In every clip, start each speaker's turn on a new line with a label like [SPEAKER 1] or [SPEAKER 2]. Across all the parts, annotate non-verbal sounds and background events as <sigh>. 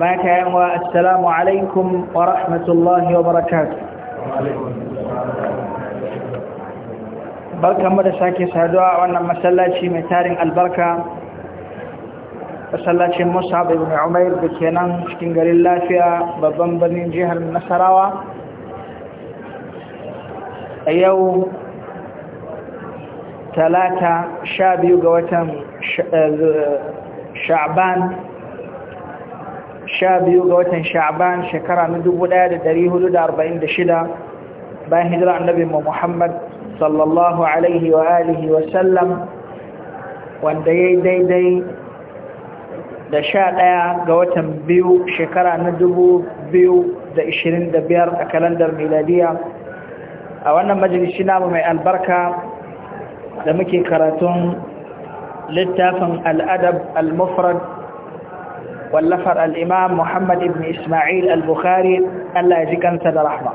[SPEAKER 1] baka eh, wa assalamu alaikum wa rahmatullahi wa barakatuh mu da sake saduwa a wannan masallaci mai tarin albarka masallacin musa bai umair da ke nan cikin garin lafiya babban birnin jihar nasarawa a yau talata sha biyu ga watan eh, sha'ban sha biyu ga watan sha'ban shekara na dubu ɗaya da hudu da arba'in da shida bayan hijira annabi muhammad sallallahu alaihi wa alihi wa sallam wanda ya yi daidai da sha ɗaya ga watan biyu shekara na dubu biyu da ishirin da biyar a kalandar miladiya a wannan majalisi namu mai albarka da muke karatun littafin al'adab al-mufrad wallafar al'imam Muhammad ibn Ismail al-Bukhari Allah ya ji kansa da rahma.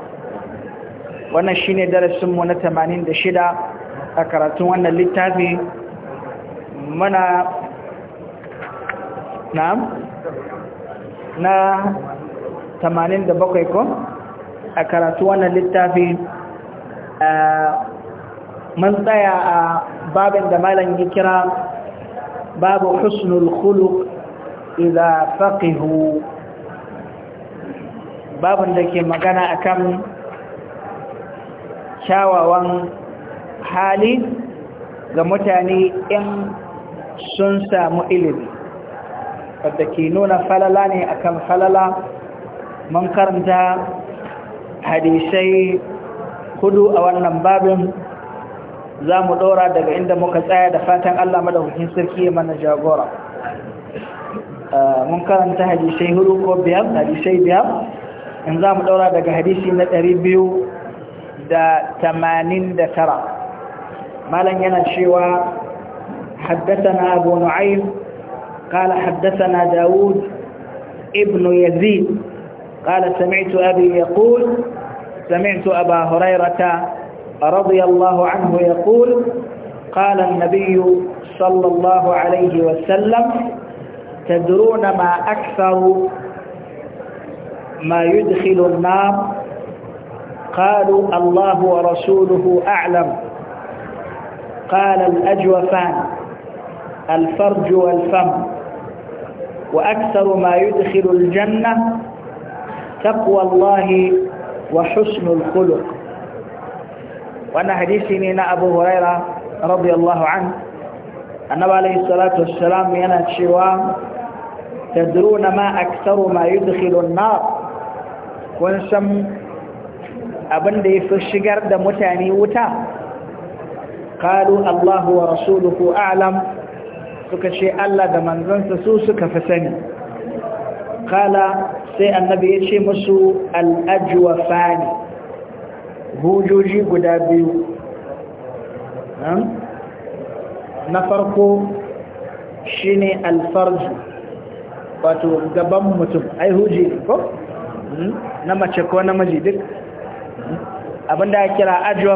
[SPEAKER 1] Wannan shi ne darasinmu na tamanin da shida a karatun wannan littafi muna na da 87 ko a karatun wannan littafi man tsaya a babin da malam ya kira babu husnul khuluq idza faqihu babin da ke magana akan kyawawan hali ga mutane in sun samu ilimi wadda ke nuna falala ne akan falala mun karanta hadisai hudu a wannan babin za mu ɗora daga inda muka tsaya da fatan Allah madaukakin sarki mana jagora mun karanta hadisai hudu ko biyar hadisai biyar in za mu ɗaura daga hadisi na ɗari biyu da tamanin da tara malam yana cewa حدثنا أبو نعيم قال حدثنا داود ابن يزيد قال سمعت أبي يقول سمعت أبا هريرة رضي الله عنه يقول قال النبي صلى الله عليه وسلم تدرون ما أكثر ما يدخل النار قالوا الله ورسوله أعلم قال الأجوفان الفرج والفم وأكثر ما يدخل الجنة تقوى الله وحسن الخلق وأنا حديثي من أبو هريرة رضي الله عنه أنه عليه الصلاة والسلام من الشوام tadruna ma aktsaru ma yudkhilu an-nar kun san abinda yafi shigar da mutane wuta qalu Allahu wa rasuluhu a'lam suka ce Allah da manzansa su suka fi sani Kala sai annabi ya ce musu al-ajwafani hujoji guda biyu na farko shine al-farj wato gaban mutum ai huji ko hmm? na mace ko namiji duk hmm? abinda ya kira ajwa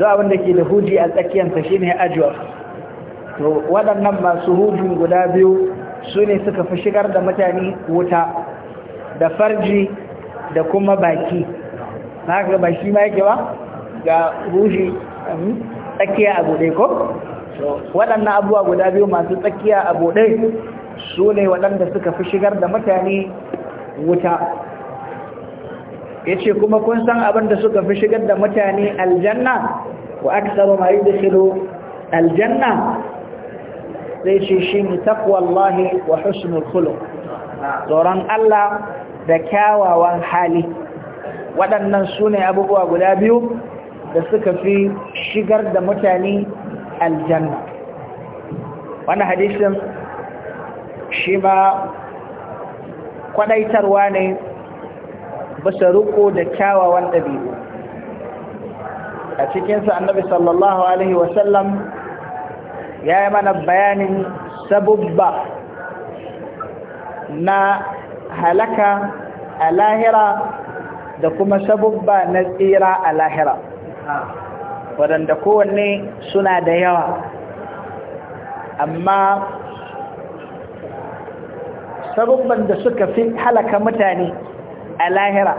[SPEAKER 1] don abinda ke da huji a tsakiyarsa shine ajwa to waɗannan masu hujin guda biyu su ne suka fi shigar da mutane wuta da farji da kuma baki na haka ba shi ma yake ba ga huji hmm, tsakiya a buɗe ko waɗannan abubuwa guda biyu masu tsakiya a buɗe su ne waɗanda suka fi shigar da mutane wuta ya ce kuma kun san abin da suka fi shigar da mutane aljanna wa aksaru ma aljanna zai ce shine taqwallahi wa husnul khuluq tsoron Allah da kyawawan hali waɗannan su ne abubuwa guda biyu da suka fi shigar da mutane aljanna wani hadisin shi ma kwadaitarwa ne bisa riƙo da kyawawan ɗabi'u a cikinsa annabi sallallahu alaihi wasallam ya yi mana bayanin sabubba na halaka a lahira da kuma sabubba na tsira a lahira waɗanda kowanne suna da yawa amma sabubban da suka fi halaka mutane a lahira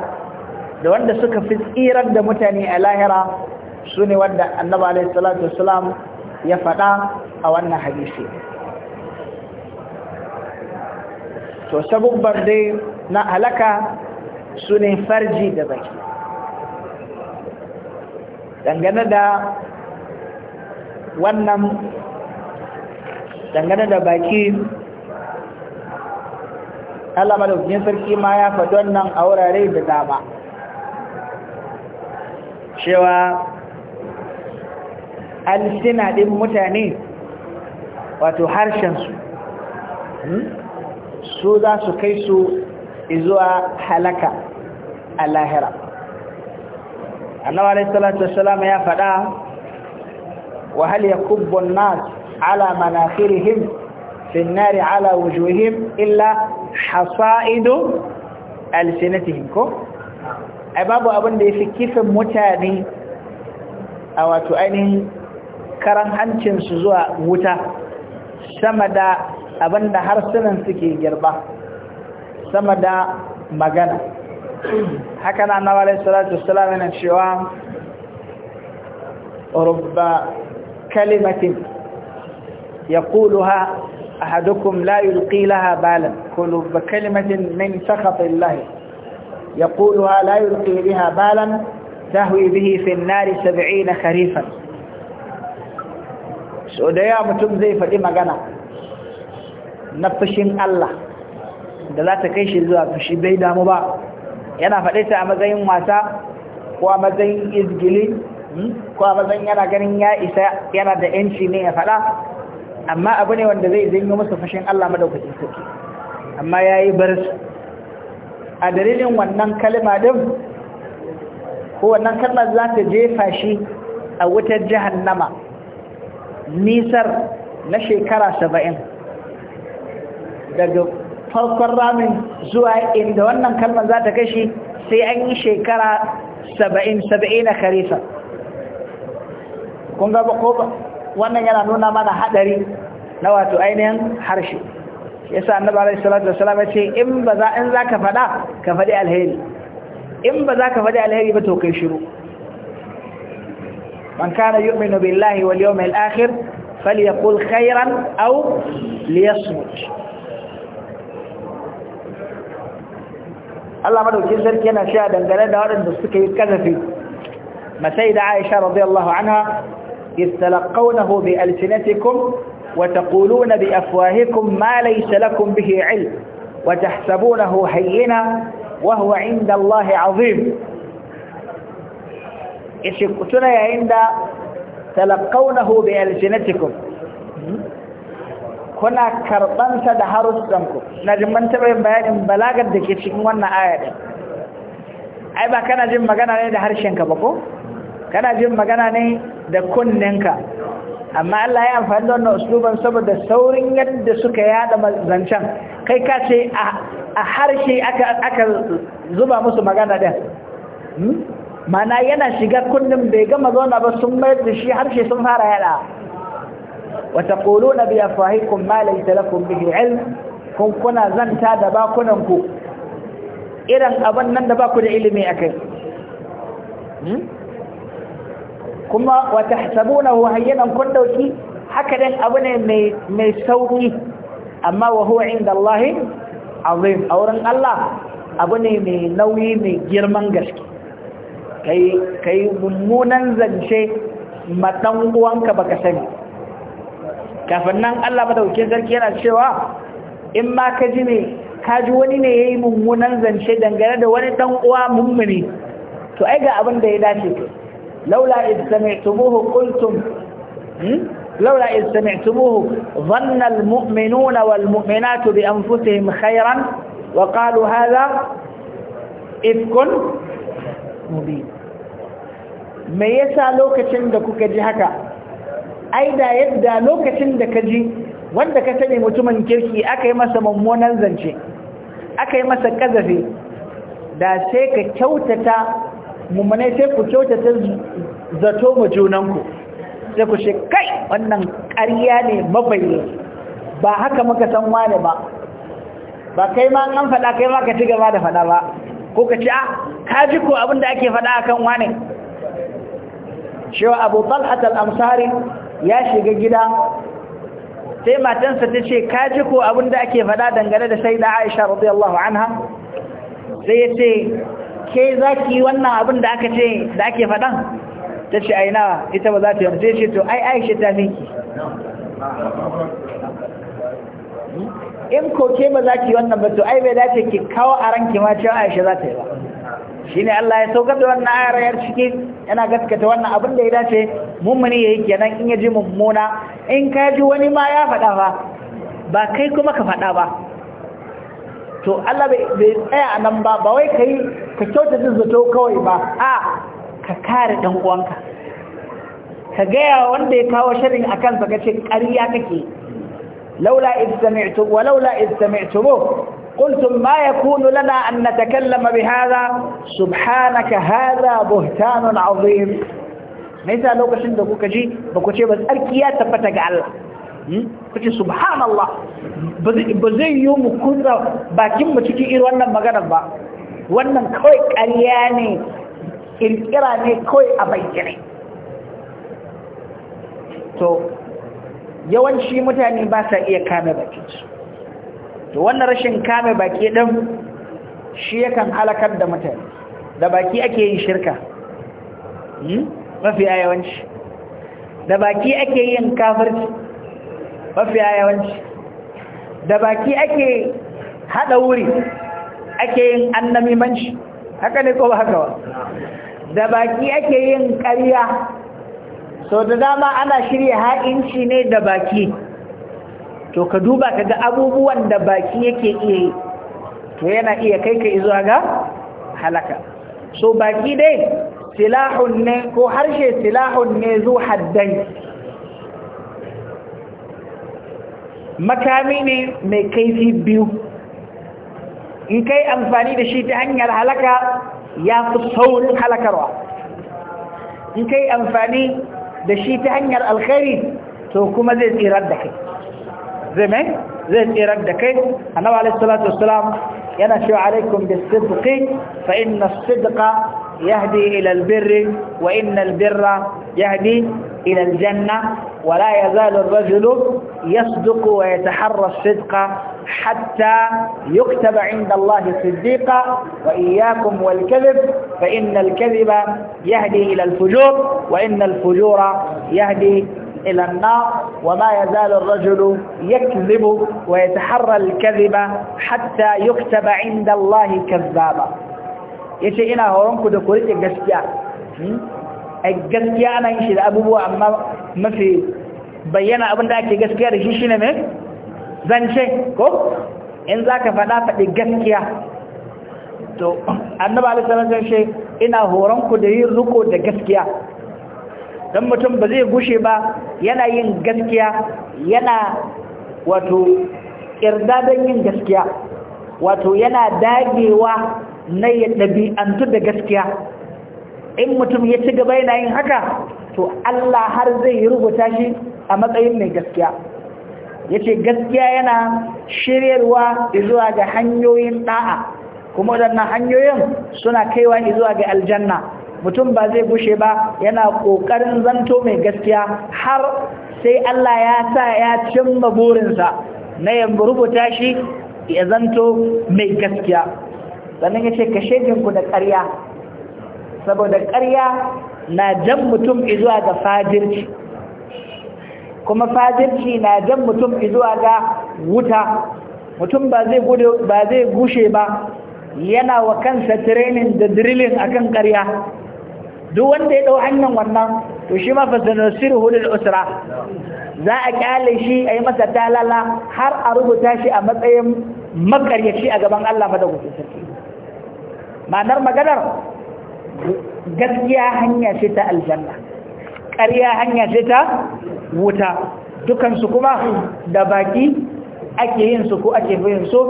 [SPEAKER 1] da wanda suka fi tsirar da mutane a lahira su ne wanda annaba alaihi salatu wasalam ya faɗa a wannan hadisi to sabubban dai na halaka su ne farji da baki dangane da wannan dangane da baki Allah madaukakin sarki ma ya faɗi wannan a wurare da dama cewa alsina ɗin mutane wato harshensu hmm, su za su kai su izuwa halaka a lahira annawa alaihissalatu wassalam ya faɗa wa hal yakubbun nas ala manakirihim fi an-nar ala wujuhihim illa hasa'idu alsinatihim ko ai babu abin da fi kifin mutane a wato ainihin karan hancinsu zuwa wuta sama da abin da harsunan suke girba sama da magana haka na annabi salatu wassalam na cewa rubba kalimatin ya yaquluha أحدكم لا يلقي لها بالا قل بكلمة من سخط الله يقولها لا يلقي بها بالا تهوي به في النار سبعين خريفا so da yawa mutum zai faɗi magana na Allah da za ta kai shi zuwa fushi bai damu ba yana faɗe ta a matsayin wasa ko a matsayin izgili ko a matsayin yana ganin ya isa yana da ‘yanci ne ya faɗa amma abu ne wanda zai zanyo musu fashin Allah madaukakin sarki amma ya yi bar a dalilin wannan kalma din ko wannan kalmar za ta jefa shi a wutar jahannama nisar na shekara saba'in daga farkon ramin zuwa inda wannan kalmar za ta kashi sai an yi shekara saba'in saba'in na karisa kun gaba ko ba wannan yana nuna mana hadari na wato ainihin harshe yasa annabi alayhi salatu wasallam ya ce in ba za in zaka fada ka fadi alheri in ba zaka fadi alheri ba to kai shiru man kana yu'minu billahi wal yawmil akhir falyaqul khayran aw liyasmut Allah madaukin sarki yana cewa dangane da waɗanda suka yi kazafi masai da Aisha radiyallahu anha istalaqqawnahu bi alsinatikum wa taquluna bi afwahikum ma laysa lakum bihi ilm wa tahsabunahu hayyina wa huwa 'inda Allah 'azim ishi kutuna yayin da talaqqawnahu bi alsinatikum kuna karɓansa da harussanku na jin man taɓa bayanin balagar da ke cikin wannan aya ɗin ai ba kana jin magana ne da harshenka ba ko kana jin magana ne da kunnenka amma Allah ya amfani da wannan usuluban saboda saurin yadda suka yada zancen kai ka ce a harshe aka zuba musu magana ɗin mana hmm? yana shiga kunnin bai gama zauna ba sun mayar da shi harshe sun fara yada wata ƙolo na biya fahikun malai talakun bihi ilm kun kuna zanta da bakunanku irin abin nan da baku da ilimi a kai hmm? kuma wa tahsabunahu hayyanan kun dauki haka dan abu ne mai sauƙi, sauki amma wa huwa Allah azim wurin Allah abu ne mai nauyi mai girman gaske kai kai mummunan zance madan uwanka baka sani kafin nan Allah madaukakin sarki yana cewa in ma ka ji ne ka ji wani ne yayi mummunan zance dangane da wani dan uwa mummuni to ai ga abin da ya dace laula idh sami'tumuhu qultum laula idh sami'tumuhu dhanna almu'minuna walmu'minatu bi anfusihim khayran wa qalu hadha me yasa lokacin da kuka ji haka ai da yadda lokacin da ka ji wanda ka sani mutumin kirki aka yi masa mummunan zance aka yi masa kazafe, da sai ka kyautata mummune sai ku kyautata zato mu junanku sai ku ce kai wannan ƙarya ne mabayi ba haka muka san wane ba ba kai ma an faɗa kai ma ka ci gaba da faɗa ba ko ka ci a ah, ka ji ko abin da ake faɗa akan wane shiwa abu talhat al-amsari ya shiga gida sai matansa ta ce ka ji ko abin da ake faɗa dangane da sai da aisha radiyallahu anha sai ya ce ke za ki yi wannan abin da aka ce da ake faɗan ta ce aina ita ba za ta yi ce to ai aisha ta fi in ko ke ba za ki yi wannan ba to ai bai dace ki kawo a ranki ma cewa aisha za ta yi ba shi ne Allah ya saukar da wannan ayar ciki yana gaskata wannan abin da ya dace mummuni ya yi kenan in ya ji mummuna in ka ji wani ma ya faɗa ba ba kai kuma ka faɗa ba to Allah bai tsaya a nan ba ba wai ka yi ka kyauta zato kawai ba a ka kare ɗan uwanka ka gaya wanda ya kawo shirin a kansa ka ce ƙariya kake laula istami'tu wa laula istami'tumu قلتم ما يكون لنا أن نتكلم بهذا سبحانك هذا بهتان عظيم me sa lokacin da kuka ji ba ku ce ba tsarki ya tabbata ga Allah Hmm? kace subhanallah ba zai yi mu kunna bakin mu cikin irin wannan magana ba wannan kawai ƙarya ne kirkira ne kawai a bayyane to yawanci mutane ba sa iya kame su. to wannan rashin kame baki din shi yakan halakar da mutane da baki ake yin shirka hmm? mafi yawanci da baki ake yin kafirci mafiya yawanci da baki ake haɗa wuri ake yin annamimanci haka ne ko haka ba da baki ake yin ƙarya so da dama ana shirya ha'inci ne da baki to ka duba ka ga abubuwan da baki yake iya yi to yana iya kai ka izuwa ga halaka so baki dai silahun ne ko harshe silahun ne zuwa haddai makami ne mai kaifi biyu in kai amfani da shi ta hanyar halaka ya fi saurin halakarwa in kai amfani da shi ta hanyar alkhairi to kuma zai tsirar da kai zai mai zai tsirar da kai annabi alaihi salatu wassalam yana cewa alaikum bis-sidqi fa inna as-sidqa yahdi ila al wa inna albirra birra yahdi ila al ولا يزال الرجل يصدق ويتحرى الصدق حتى يكتب عند الله صديقا وإياكم والكذب فإن الكذب يهدي إلى الفجور وإن الفجور يهدي إلى النار وما يزال الرجل يكذب ويتحرى الكذب حتى يكتب عند الله كذابا يشيء إنا هورنكو دكوريك قسكيا a gaskiya ana yin shi da abubuwa amma mafi bayyana abin da ake gaskiya da shi shi ne mai zance ko in za ka faɗa faɗi gaskiya to annaba alisalar zance ina horonku da yin riko da gaskiya don mutum ba zai gushe ba yana yin gaskiya yana wato ƙirda yin gaskiya wato yana dagewa na ya ɗabi'antu da gaskiya in mutum ya ci gaba yana yin haka to Allah har zai yi rubuta shi a matsayin mai gaskiya yace gaskiya yana shiryarwa zuwa ga hanyoyin ɗa'a, kuma waɗannan hanyoyin suna kaiwa zuwa ga aljanna mutum ba zai gushe ba yana ƙoƙarin zanto mai gaskiya har sai Allah ya sa ya cimma burinsa na ya rubuta shi ya zanto mai gaskiya sannan yace ka shegin ku da ƙarya saboda ƙarya na jan mutum izuwa ga fajirci kuma fajirci na jan mutum izuwa ga wuta mutum ba zai ba gushe ba yana wa kansa training da drilling akan ƙarya duk wanda ya dau hanyar wannan to shi ma hudu hudul usra za a kyale shi a yi masa talala har a rubuta shi a matsayin makaryaci a gaban Allah madaukakin sarki ma'anar maganar gaskiya hanya ce ta aljanna ƙarya hanya ce ta wuta dukansu kuma da baki ake yin su ko ake yin su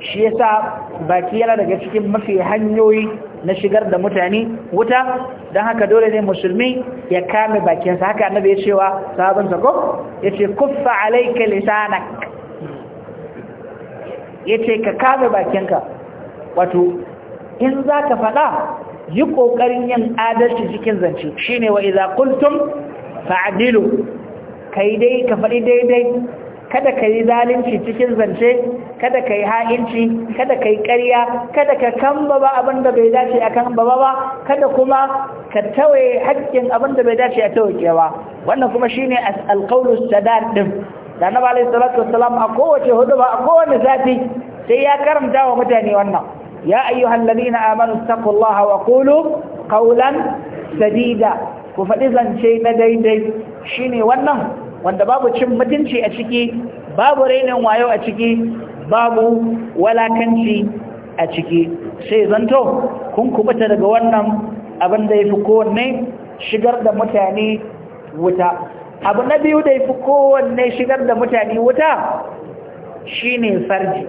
[SPEAKER 1] shi yasa baki yana daga cikin mafi hanyoyi na shigar da mutane wuta don haka dole ne musulmi ya kame bakinsa haka annabi ya cewa sahabinsa ko ya ce kuffa alaika lisanak ya ce ka kame bakinka wato in za ka faɗa yi ƙoƙarin yin adalci cikin zance shi ne wa iza kultum fa'adilu ka yi dai ka faɗi daidai kada ka yi zalunci cikin zance kada ka yi ha'inci kada ka yi ƙarya kada ka kamba ba abin da bai dace a kan baba ba kada kuma ka tawaye haƙƙin abin da bai dace a tawakewa wannan kuma shi ne alƙaunus sadar ɗin da na ba alaihi salatu wasalam a kowace hudu ba a kowane zafi sai ya karanta wa mutane wannan يا أيها الذين آمنوا اتقوا الله وقولوا قولا سديدا كفتزا شيء نديدي شيني ونه وانت بابو تشم متنشي أشكي بابو رين وايو أشكي بابو ولا كنشي أشكي شيء زنتو كن كبتا دقوانا أبن دي فكوني شجر دا متاني وتا أبن نبيو دي فكوني شجر دا متاني وتا شيني فرجي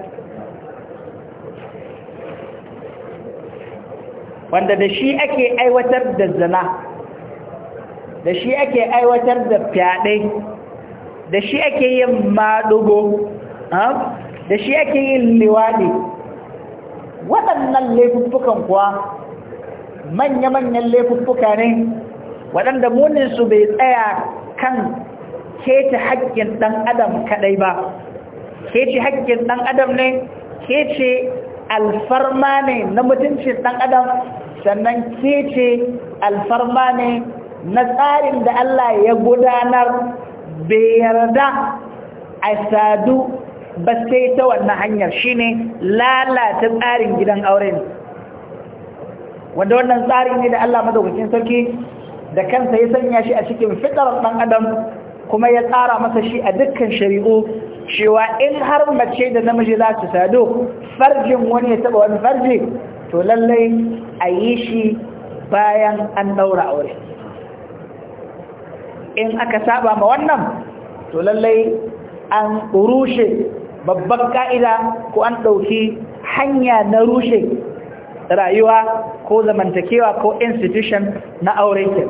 [SPEAKER 1] wanda da shi ake aiwatar da zina da shi ake aiwatar da fyaɗe da shi ake yin maɗugo da shi ake yin liwaɗi waɗannan laifuffukan kuwa manya-manyan laifuffuka ne waɗanda muninsu bai tsaya kan kece haƙƙin ɗan adam kaɗai ba kece haƙƙin ɗan adam ne kece alfarma ne na mutuncin ɗan adam sannan ke ce alfarma ne na tsarin da Allah ya gudanar bai yarda a sadu ba sai ta wannan hanyar shine lalata tsarin gidan aure wanda wannan tsari ne da Allah mazaukakin sarki da kansa ya sanya shi a cikin fitar ɗan adam kuma ya tsara masa shi a dukkan shari'u cewa in har mace da namiji za su sadu farjin wani ya taba wani farji to lallai a yi shi bayan an daura aure in aka saba ma wannan to lallai an rushe babban ka'ida ko an ɗauki hanya na rushe rayuwa ko zamantakewa ko institution na aure ke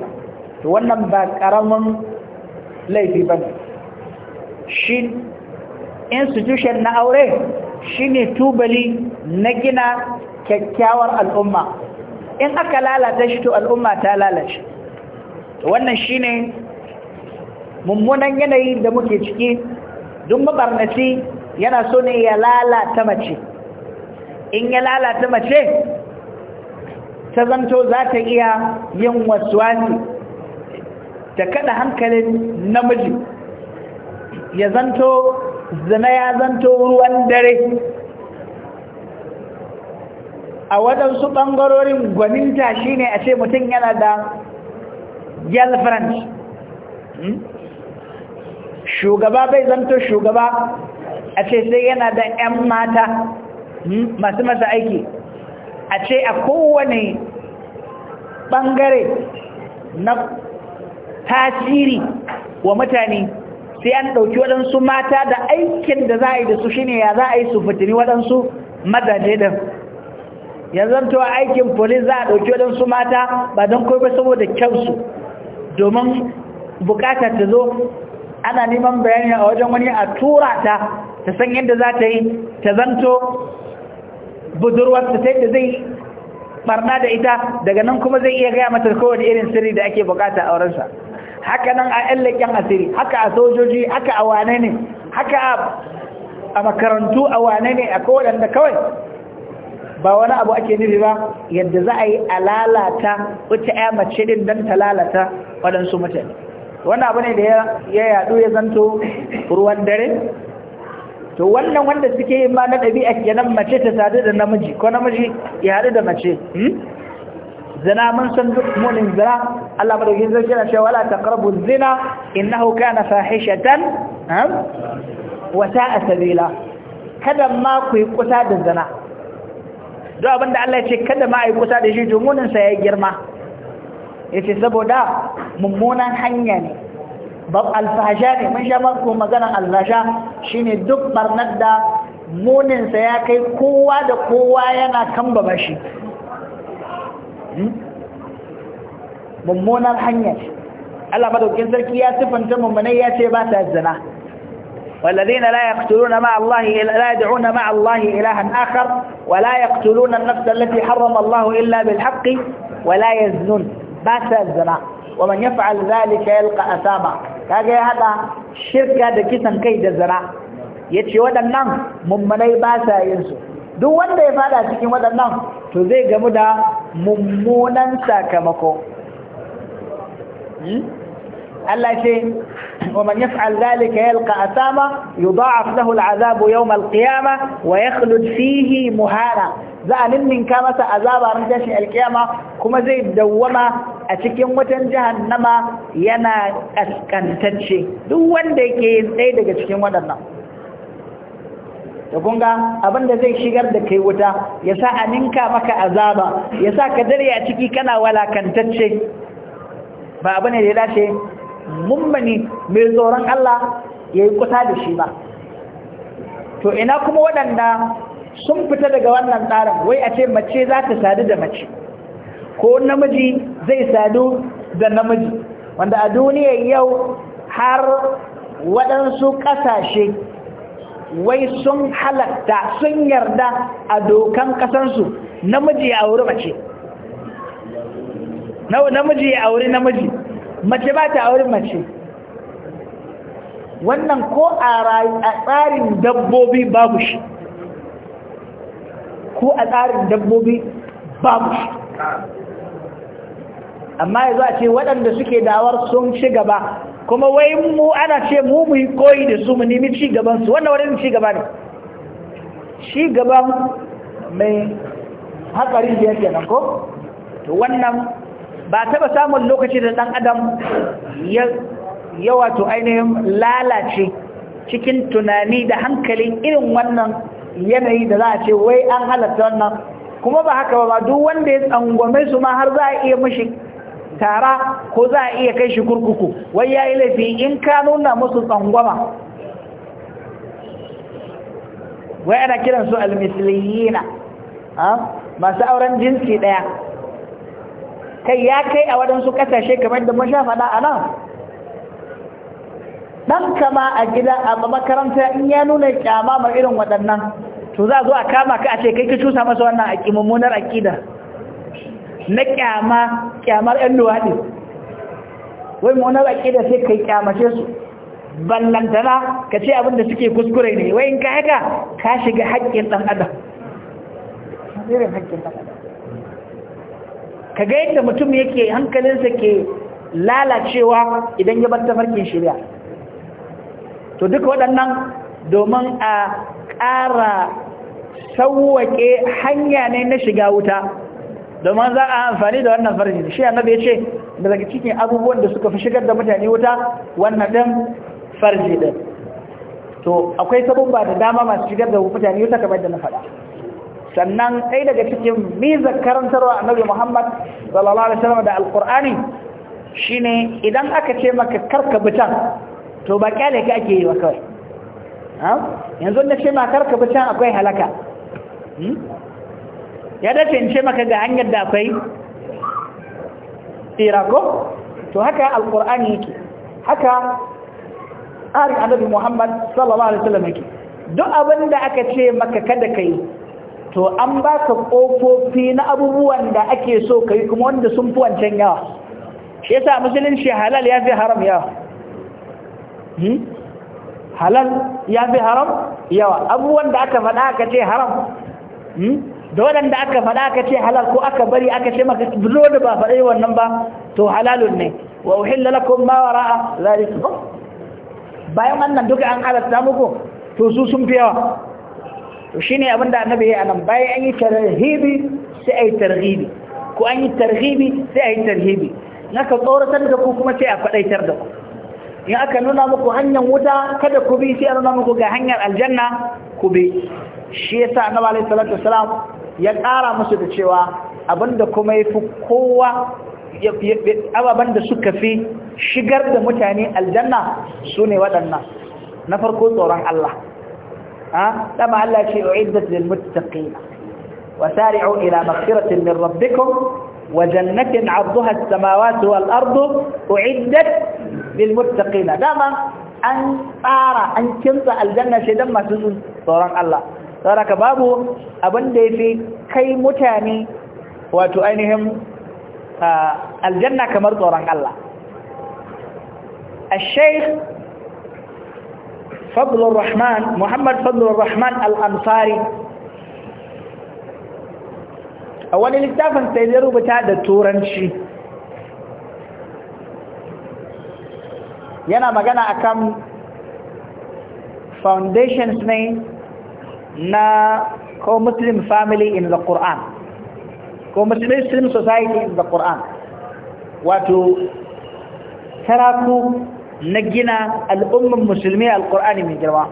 [SPEAKER 1] wannan ba ƙaramin laifi ba ne shi institution na aure shi ne tubali na gina kyakkyawar al'umma in aka lalata shi to al'umma ta lalace wannan shi ne mummunan yanayi da muke ciki duk mabarnaci yana so ne ya lalata mace in ya lalata mace ta zanto za ta iya yin wasuwasi Da kada hankalin namiji ya zanto zina ya zanto ruwan dare a waɗansu ɓangarorin gwaninta shi ne a ce mutum yana da french. Hmm? shugaba bai zanto shugaba a ce sai yana da 'yan mata hmm? masu masu aiki a ce a kowane ɓangare na tasiri wa mutane sai an ɗauki waɗansu mata da aikin da za a yi da su shine ya za a yi su fitini waɗansu mazaje da yanzu to aikin polis za a ɗauki waɗansu mata ba don kai ba saboda kyansu domin bukatar ta zo ana neman bayani a wajen wani a tura ta ta san yadda za ta yi ta zanto budurwarta ta yadda zai barna da ita daga nan kuma zai iya gaya mata kowane irin sirri da ake bukata a wurinsa haka nan a ƴan leƙen asiri haka a sojoji haka a wane ne haka a makarantu a wane ne a kowaɗanda kawai ba wani abu ake nufi ba yadda za a yi a lalata wata ya mace din don ta lalata waɗansu mutane wani abu ne da ya yaɗu ya zanto ruwan dare to wannan wanda suke yi ma na ɗabi'a kenan mace ta sadu da namiji ko namiji ya haɗu da mace hmm? zina mun san duk munin zina Allah madaukin sarki yana cewa la taqrabu zina innahu kana fahishatan eh, wa sa'a sabila kada ma ku yi kusa da zina don abinda Allah ya ce kada ma a kusa da shi jumunin sa ya girma yace saboda mummunan hanya ne bab alfahsha ne mun sha mako maganar alfahsha shine duk barnar da munin sa ya kai kowa da kowa yana kambaba shi Hmm? mummunar hanya Allah madaukin sarki ya sifanta mummunai ya ce ba ta zina والذين لا يقتلون مع الله لا يدعون مع الله إلها آخر ولا يقتلون النفس التي حرم الله إلا بالحق ولا يزنون بس الزنا ومن يفعل ذلك يلقى أساما كاجي هذا شركة دكيسا كيد الزنا يتشي ودنم ممني باسا ينسو duk wanda ya fada cikin waɗannan to zai gamu da mummunan sakamako hmm? Allah ce wa man yaf'al dhalika yalqa asama yudha'af azabu yau yawm al-qiyamah wa yakhlud fihi muhana za a ninninka masa azaba ran tashin alkiyama kuma zai dawwama a cikin wutan jahannama yana kaskantacce duk wanda yake yin ɗaya daga cikin waɗannan da kunga abinda zai shigar da kai wuta ya sa a ninka maka azaba ya sa ka dare a ciki kana walakantacce ba abu ne da ya dace mummani mai tsoron Allah ya yi kusa da shi ba to ina kuma waɗanda sun fita daga wannan tsarin wai a ce mace za ta sadu da mace ko namiji zai sadu da namiji wanda a duniya yau har waɗansu ƙasashe wai sun halatta sun yarda a dokan kasansu namiji ya auri mace namiji ya auri namiji mace ba ta auri mace wannan ko a tsarin dabbobi babu shi ko a tsarin dabbobi babu shi amma ya a ce waɗanda suke dawar sun ci gaba kuma wai mu ana ce mu mu yi koyi da su mu nemi ci gaban su wannan wani ci gaba ne ci gaban mai hakarin da yake nan ko to wannan ba taba samun lokaci da dan adam ya yawa to ainihin lalace cikin tunani da hankali irin wannan yanayi da za a ce wai an halatta wannan kuma ba haka ba duk wanda ya tsangwame su ma har za a iya mashi tara ko za a iya kai shi kurkuku wai ya yi laifi in ka nuna musu tsangwama wai ana kiransu almisliyina masu auren jinsi ɗaya kai ya kai a waɗansu ƙasashe kamar da mun sha faɗa a nan ɗan kama a gida a makaranta in ya nuna kyama mai irin waɗannan to za a zo a kama ka a ce kai ka cusa masa wannan mummunar aƙidar na kyama kyamar yan luwaɗi wai na baƙi da sai kai kyamace su ballantana ka ce abinda suke kuskure ne wai in ka haka ka shiga haƙƙin ɗan adam ka ga yadda mutum yake hankalinsa ke lalacewa idan ya bar markin shirya to duka waɗannan domin a ƙara sauwaƙe hanya ne na shiga wuta domin za a amfani da wannan farji shi annabi ya ce daga cikin abubuwan da suka fi shigar da mutane wuta wannan ɗin farji ɗin to akwai sabubba da dama masu shigar da mutane wuta kamar da na faɗa sannan ɗaya daga cikin mizar karantarwa annabi muhammad sallallahu alaihi wasallam da alƙur'ani shine idan aka ce maka karka bitan to ba kyale ka ake yi wa kawai yanzu da ce ma karka bitan akwai halaka hmm? ya dace in ce maka ga hanyar da akwai tsira to haka alkur'ani yake haka tsarin annabi muhammad sallallahu alaihi wasallam yake duk abin da aka ce maka kada kai to an baka kofofi na abubuwan da ake so kai kuma wanda sun fi wancan yawa shi yasa musulunci halal ya fi haram yawa hmm? halal ya fi haram yawa abubuwan da aka faɗa aka ce haram hmm? da waɗanda aka faɗa aka ce halal ko aka bari aka ce maka zo da ba faɗai wannan ba to halalun ne wa uhilla lakum ma wara'a zalika bayan wannan duka an halatta muku to su sun fi yawa to shine abin da annabi ya anan bayan an yi tarhibi sai ayi tarhibi ko an yi tarhibi sai ayi tarhibi naka tsoratar da ku kuma sai a faɗaitar da ku in aka nuna muku hanyar wuta kada ku bi sai a nuna muku ga hanyar aljanna ku bi shi yasa annabi alaihi salatu wasalam ya ƙara musu da cewa abinda kuma ya fi kowa ababen da suka fi shigar da mutane aljanna sune waɗannan na farko tsoron Allah dama Allah ce uiddat lil muttaqin wa sari'u ila maghfiratin min rabbikum wa jannatin 'arduha as-samawati wal ardu uiddat lil muttaqin dama an tsara an kinsa aljanna sai dan masu tsoron Allah saboda babu abin da yafi kai mutane wato ainihin aljanna kamar tsoron Allah al الشيخ fadlur rahman muhammad fadlur rahman al-ansari wani littafin sai zai rubuta da turanci yana magana akan foundations name na ko muslim family in the quran ko muslim society in the quran wato taraku na gina al'umman musulmi al-Qur'ani mai girma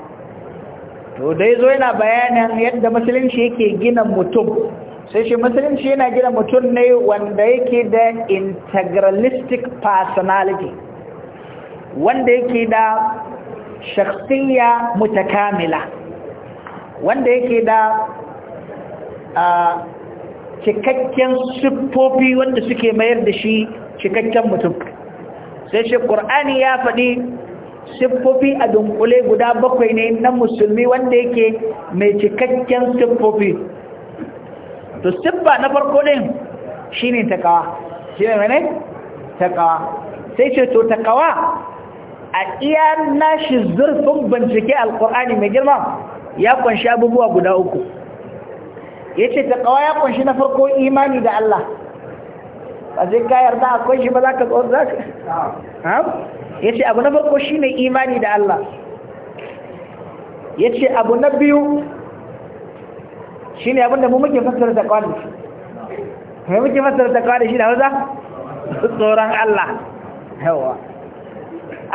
[SPEAKER 1] to dai zo yana bayanin yadda musulunci yake gina mutum sai shi musulunci yana gina mutum ne wanda yake da integralistic personality wanda yake da shakhsiyya mutakamila wanda yake da cikakken siffofi wanda suke mayar da shi cikakken mutum sai shi ƙur'ani ya faɗi siffofi a dunkule guda bakwai ne na musulmi wanda yake mai cikakken siffofi to siffa na farko ɗin shine takawa shine mene takawa sai shi to takawa a iya nashi zurfin bincike Alƙur'ani mai girma ya kunshi abubuwa guda uku ya ce taqwa ya kunshi na farko imani da Allah ba sai kayar da akwai shi ba za ka tsoro zaka ya ce abu na farko shine imani da Allah ya ce abu na biyu shine abin da mu muke fassara taqwa da shi mu muke fassara taqwa da shi da waza tsoron Allah yawa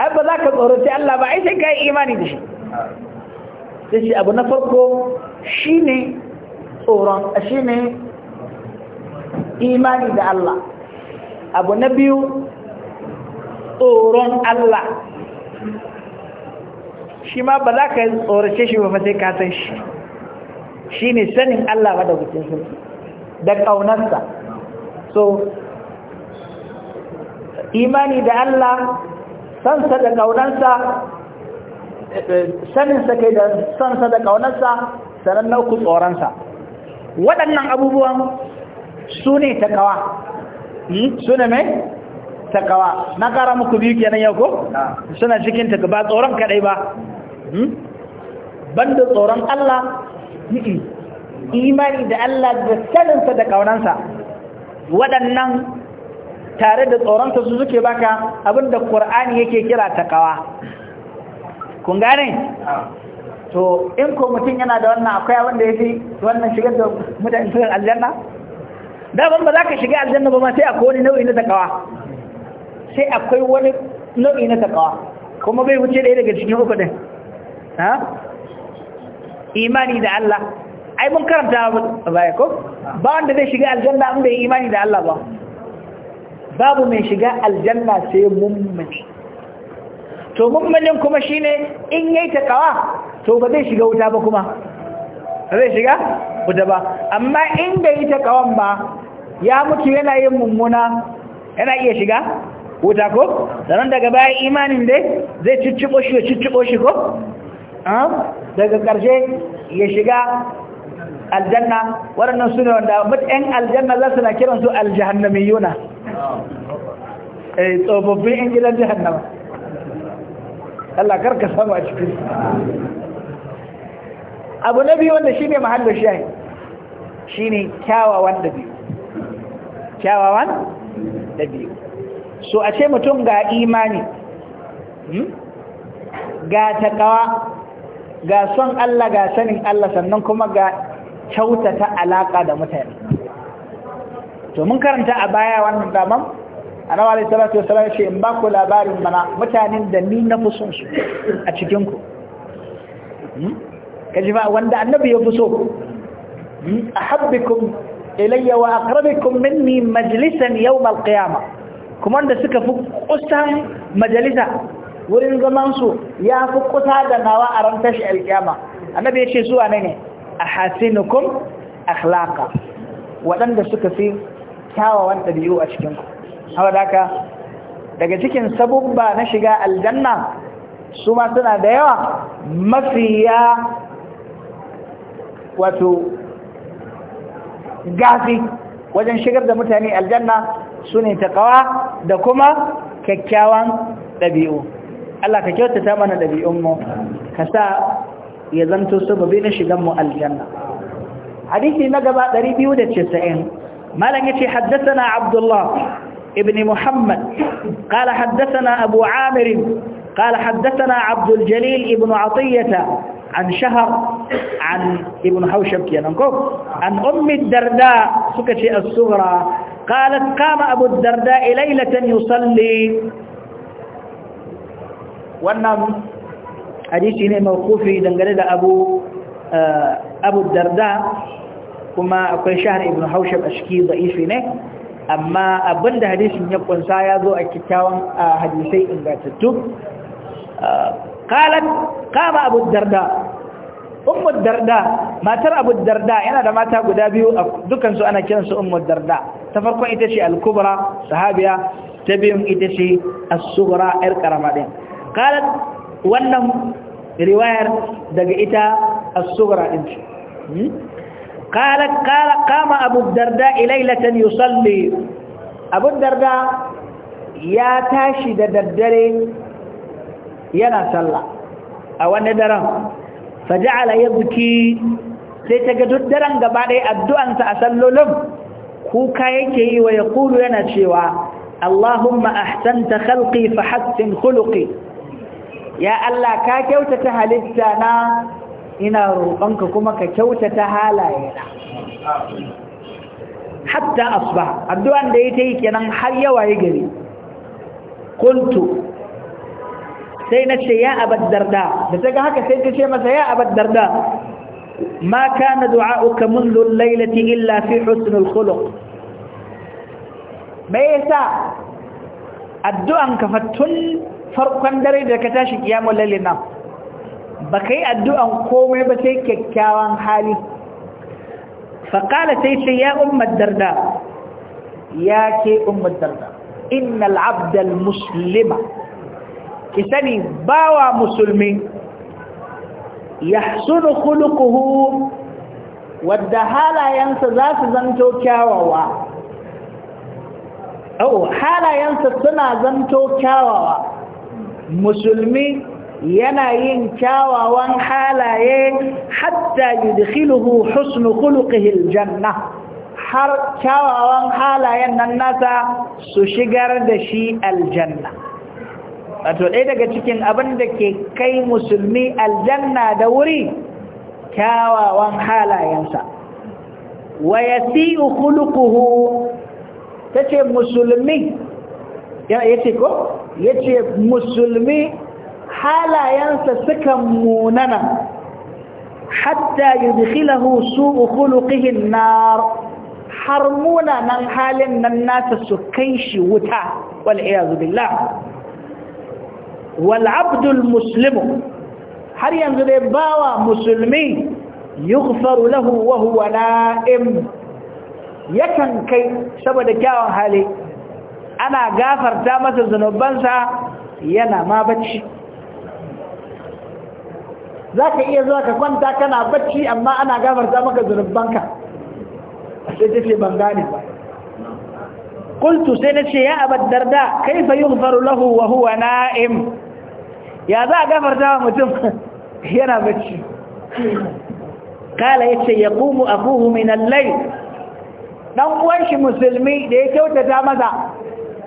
[SPEAKER 1] ai ba za ka tsoron sai Allah ba ai sai ka yi imani da shi sai shi abu na farko shi ne tsoron shi ne imani da Allah abu na biyu tsoron Allah shi ma ba za ka yi tsorace shi ba sai ka san shi shi ne sanin Allah ba da wucin su da ƙaunarsa so imani da Allah sansa da ƙaunarsa saninsa kai da sansa da ƙaunarsa sanan na uku tsoronsa waɗannan abubuwan su ne kawa hmm? su ne mai kawa na ƙara muku biyu kenan yau ko suna cikin ta ba tsoron kaɗai ba hmm? banda tsoron Allah hmm, imani da Allah da saninsa da ƙaunarsa waɗannan tare da tsoronsa su suke baka abinda ƙur'ani yake kira ta kawa kun gane ah. to in ko mutum yana da wannan akwai wanda da ya fi wannan shigar da mutane cikin aljanna daban ba za ka shiga aljanna ba ma sai akwai wani nau'i na takawa sai akwai wani nau'i na takawa kuma bai wuce ɗaya daga cikin uku ɗin imani da Allah ai mun karanta baya ko ah. ba wanda zai shiga aljanna in bai imani da Allah ba babu mai shiga aljanna sai mummuni to mummunin kuma shine in yayi takawa to ba zai shiga wuta ba kuma zai shiga wuta ba amma in da yi takawan ba ya mutu yana yin mummuna yana iya shiga wuta ko sannan daga baya imanin dai zai cicciɓo shi ya cicciɓo shi ko ah, daga ƙarshe ya shiga aljanna waɗannan su ne wanda mutan aljanna za su na kiransu eh tsofaffin in gidan jihannama
[SPEAKER 2] Allah karka samu a
[SPEAKER 1] cikin abu na biyu wanda shi shine mahallin shahi ne kyawawan da biyu, kyawawan da biyu. so a ce mutum ga imani hmm? ga taƙawa ga son Allah ga sanin Allah sannan kuma ga kyautata alaƙa da mutane to mun karanta a baya wannan damar annabi alaihi salatu wasallam ya ce in ba ku labarin mana mutanen da ni na fi su a cikin ku hmm? kaji ba wanda annabi ya fi so hmm? ahabbikum ilayya wa aqrabikum minni majlisan yawm qiyama kuma wanda suka fi kusan majalisa wurin zaman su ya fi kusa da nawa a ran tashi qiyama annabi ya ce zuwa wane ne ahasinukum akhlaqa waɗanda suka fi kyawawan ɗabi'u a cikinku ka daga cikin sabubba na shiga aljanna su ma suna da yawa mafiya wato gafi wajen shigar da mutane aljanna su ne taƙawa da kuma kyakkyawan ɗabi'u Allah ka kyautata mana ɗabi'unmu ka sa ya zanto sababi na shiganmu aljanna hadisi na gaba ɗari biyu da 290 malam ya ce haddasa na abdullah ابن محمد قال حدثنا أبو عامر قال حدثنا عبد الجليل ابن عطية عن شهر عن ابن حوشب كيانكوف عن أم الدرداء سكتي الصغرى قالت قام أبو الدرداء ليلة يصلي wannan حديث هنا mawkufi dangane أبو آه، أبو الدرداء darda kuma akwai shahar ibn haushab a shiki amma abinda hadisin ya kunsa ya zo a kikkiawan hadisai ingantattu kalan qama abu darda umar darda matar abu darda yana da mata guda biyu dukansu dukansu ana kiransu umar darda ta farkon ita ce al sahabiya ta biyun ita ce asubura yar karama din wannan riwayar daga ita asubura ɗin din hmm? قال قال قام ابو الدرداء ليله يصلي ابو الدرداء يا تاشي ددردري yana salla a wanne daren faja'ala yabki sai ta ga duk daren gaba ɗaya addu'ansa a sallolin kuka yake yi wa ya kulu yana cewa Allahumma ahsanta khalqi fa hassin khuluqi ya Allah ka kyautata halitta na ina roƙonka kuma ka kyautata halayena
[SPEAKER 2] hatta asba
[SPEAKER 1] addu'an da yake yi kenan har yawa ya gari kuntu sai na ce ya abad darda da daga haka sai ta ce masa ya abad darda ma kana du'a'uka منذ الليلة illa fi husn al-khuluq me yasa addu'an ka fa tun farkon dare da ka tashi kiyamul lailin nan ba ka yi addu'an komai ba sai kyakkyawan hali faƙala sai ce ya ummar darda ya ke ummar darda innal abdal muslima ki sani bawa musulmi ya suna kulukuhu wadda halayensa za su zanto kyawawa halayensa suna zanto kyawawa musulmi yana yin kyawawan halaye hatta yudkhiluhu husn khuluqihi aljanna har kyawawan halayen nan nasa su shigar da shi aljanna wato dai daga cikin abinda ke kai musulmi aljanna da wuri kyawawan halayensa wa yasi'u khuluquhu tace musulmi ya yace ko yace musulmi halayensa suka munana hatta yudkhilahu su'u khuluqihi an-nar har munanan halin nan nasa su kai shi wuta wal iyaz billah wal abdul muslim har yanzu dai bawa musulmi yughfaru lahu wa huwa na'im yakan kai saboda kyawun hali ana gafarta masa zanubansa yana ma bacci za ka iya zuwa ka kwanta kana bacci amma ana gafarta maka zunubanka sai ta ce ban gane ba kultu sai na ce ya abad darda kai fa yughfaru lahu wa huwa na'im ya za a gafarta wa mutum <laughs> yana bacci kala ce yaqumu akuhu min al-layl dan uwan shi musulmi da ya kyautata maza,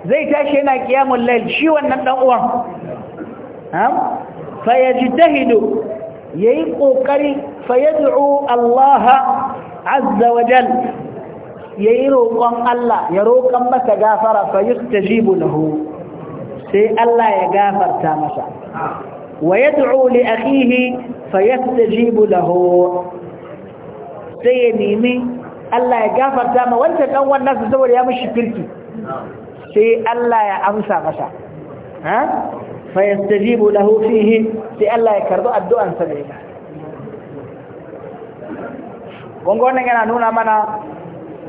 [SPEAKER 1] zai tashi yana qiyamul layl shi wannan dan uwan ha fa yajtahidu yayi kokari fa yad'u Allah azza wa jal yi roƙon Allah ya roƙon masa gafara fa yustajibu lahu sai Allah ya gafarta masa wa yad'u li akhihi fa yastajibu lahu sai ya nemi Allah ya gafarta ma wancan dan wannan saboda ya mishi kirki sai Allah ya amsa masa ha fayastajibu lahu fihi sai Allah ya karbi addu'an sa da ita gongo yana nuna mana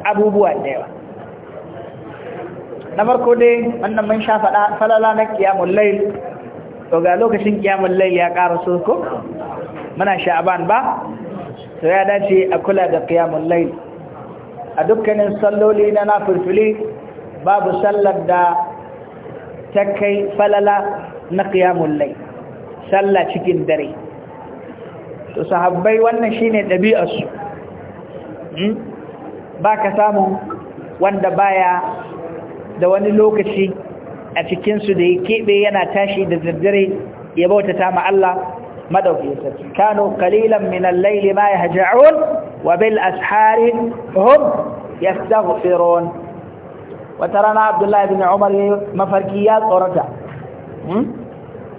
[SPEAKER 1] abubuwa da yawa na farko dai wannan mun sha faɗa falala na qiyamul layl to ga lokacin qiyamul layl ya ƙara so ko muna sha'aban ba to ya dace a kula da qiyamul layl a dukkanin salloli na nafilfili babu sallar da ta kai falala na qiyamul sallah cikin dare to sahabbai wannan shine ɗabi'arsu. su hmm? baka samu wanda baya da wani lokaci a cikinsu da ya keɓe yana tashi da daddare ya bautata ma Allah madauki sarki kanu qalilan min al-layli ma yahja'un wa bil ashari hum yastaghfirun Wata rana Abdullahi bin Umar mafarki ya tsorata Hmm?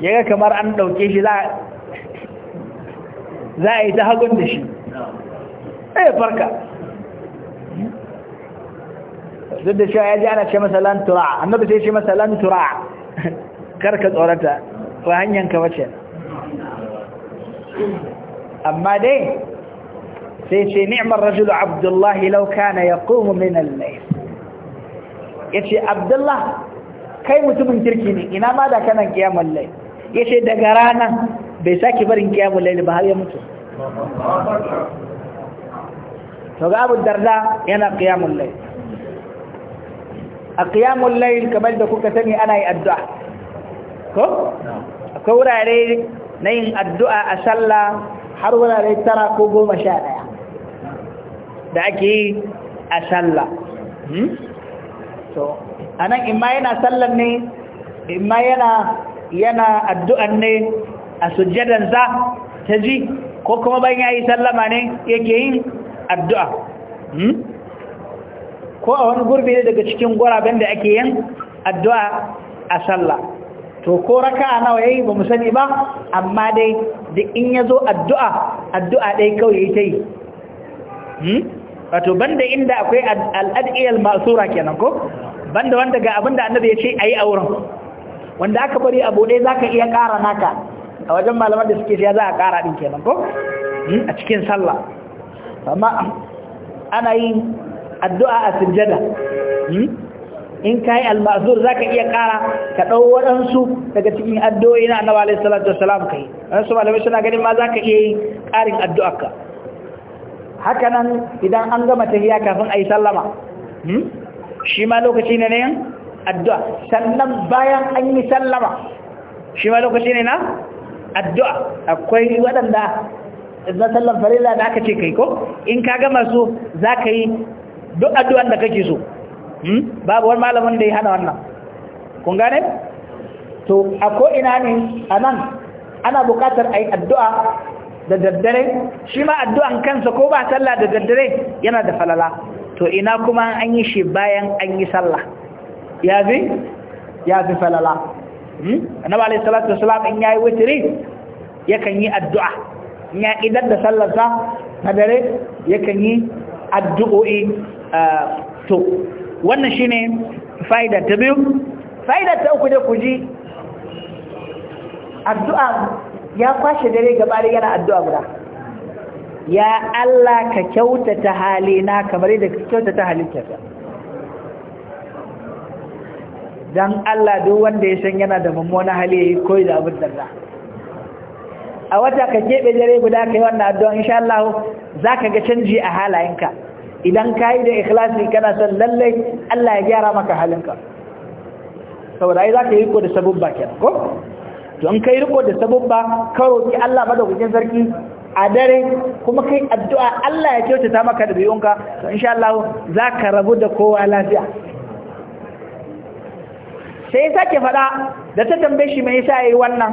[SPEAKER 1] Yaga kamar an ɗauke shi za a yi ta hagun da shi ɗaya farka duk da shi ya ji ana ce masa lantura'a annabi sai ce masa lantura'a <laughs> karka tsorata ko ka wace amma dai sai ce ni'mar rajulu abdullahi lau kana ya ƙumu min allai ya ce abdullahi kai mutumin kirki ne ina ma da kanan kiyamul Ya ce daga rana bai saki barin kiyamul lai ba har ya mutu to ga Abu Darda yana kiyamul lai a kiyamul lai kamar da kuka sani ana yi addu'a ko akwai wurare na yin addu'a a sallah har wurare tara ko goma sha ɗaya da ake yi a sallah hmm? anan imma yana sallan ne imma yana yana addu'an ne a sujjadan za ta ji ko kuma ban yayi sallama ne yake yin addu'a hmm? ko a wani gurbi ne daga cikin guraben da ake yin addu'a a sallah to ko raka nawa yayi ba mu sani ba amma dai da in yazo addu'a addu'a dai kawai yake yi. Hmm? wato banda inda akwai al-adiyal ma'sura kenan ko banda wanda ga abinda annabi ya ce ayi a wurin wanda aka bari abu za zaka iya ƙara naka a wajen malaman da suke siya za a ƙara ɗin kenan ko hmm, a cikin sallah amma ana yin addu'a a sujjada hmm, in kai al-ma'zur zaka iya ƙara ka dau waɗansu daga cikin addu'o'i na Annabi alayhi salatu wassalam kai su malamai suna ganin ma zaka iya yin ƙarin addu'arka haka nan idan an gama tahiyya kafin ayi sallama hmm, shi ma lokaci ne na yin addu'a sannan bayan an yi sallama shi ma lokaci ne na addu'a akwai waɗanda na sallan farila da aka ce kai ko in ka gama su za ka yi duk addu'an da kake so hmm? babu wani malamin da ya hana wannan kun gane? to a ko'ina ne a nan ana buƙatar a yi addu'a da daddare shi ma addu'an kansa ko ba sallah da daddare yana da falala to ina kuma an yi shi bayan an yi sallah ya fi ya fi falala hmm? annabi alayhi salatu wasalam in yayi witri yakan yi addu'a in ya idan da sallarsa na dare yakan yi addu'o'i to wannan shine fa'ida ta biyu fa'ida ta uku da kuji addu'a ya kwashe dare gaba da yana addu'a guda ya Allah ka kyautata halina kamar yadda ka kyautata halittarsa dan Allah duk wanda ya san yana da mummuna hali yayi koyi da abin da a wata ka kebe dare guda kai wannan addu'a insha Allah zaka ga canji a halayenka idan kai da ikhlasi kana son lalle Allah ya gyara maka halinka saboda ai zaka yi ko da sabubba kenan ko to in kai riko da sabubba ka roki Allah madaukakin sarki a dare kuma kai addu'a Allah ya kyautata maka da biyunka to insha Allah za ka rabu da kowa lafiya sai ya sake faɗa da ta tambaye shi mai yasa yayi wannan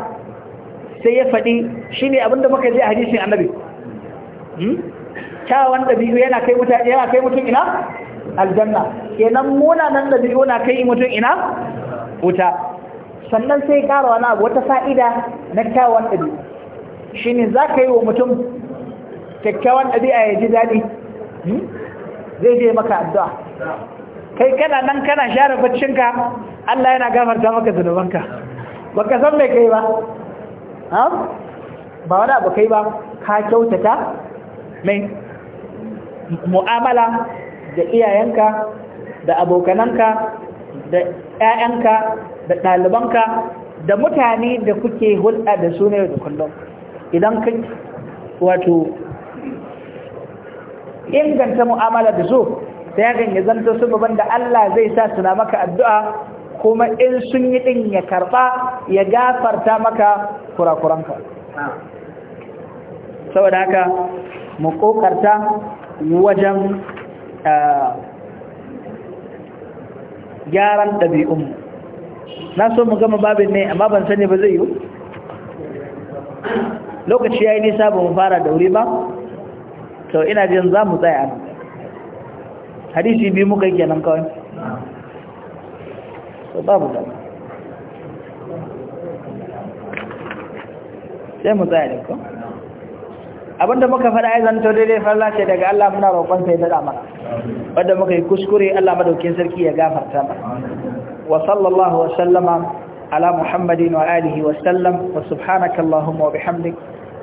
[SPEAKER 1] sai ya faɗi shine abinda muka ji a hadisin annabi hmm? kyawawan ɗabi'u yana kai mutane yana kai mutum ina aljanna kenan da ɗabi'u na kai mutum ina wuta sannan sai karawa wani abu wata fa'ida na kyawawan ɗabi'u shine za ka yi wa mutum kyakkyawan ɗabi'a ya ji daɗi hmm? zai je maka addu'a kai kana nan kana share baccinka Allah yana gafarta maka zunubanka baka san me kai ba ba wani abu kai ba ka kyautata mai mu'amala da iyayenka da abokananka da ƴaƴanka da ɗalibanka da mutane da kuke hulɗa da su ne da kullum idan kai wato inganta mu'amala da su sai ga ya zanto baban da Allah zai sa suna maka addu'a kuma in sun yi din ya karba ya gafarta maka kurakuranka saboda haka mu kokarta wajen gyaran ɗabi'un na so mu gama babin ne amma ban sani ba zai yi lokaci yayi nisa ba mu fara da wuri ba to ina jin za mu tsaya hadisi biyu muka yi kenan kawai to babu da sai mu tsaya ko abinda muka faɗa ya zanto daidai farla ce daga Allah muna roƙon sai da dama wanda muka yi kuskure Allah madaukin sarki ya gafarta mu wa sallallahu wa sallama ala muhammadin wa alihi wa sallam wa subhanaka wa bihamdika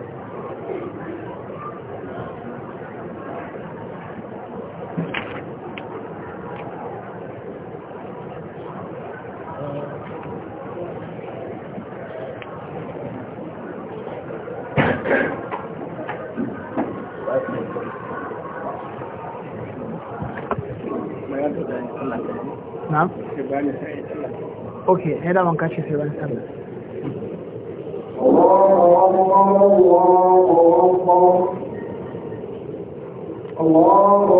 [SPEAKER 2] <coughs>
[SPEAKER 1] Okay, ya daman kashi sai wani sallah.
[SPEAKER 2] Allah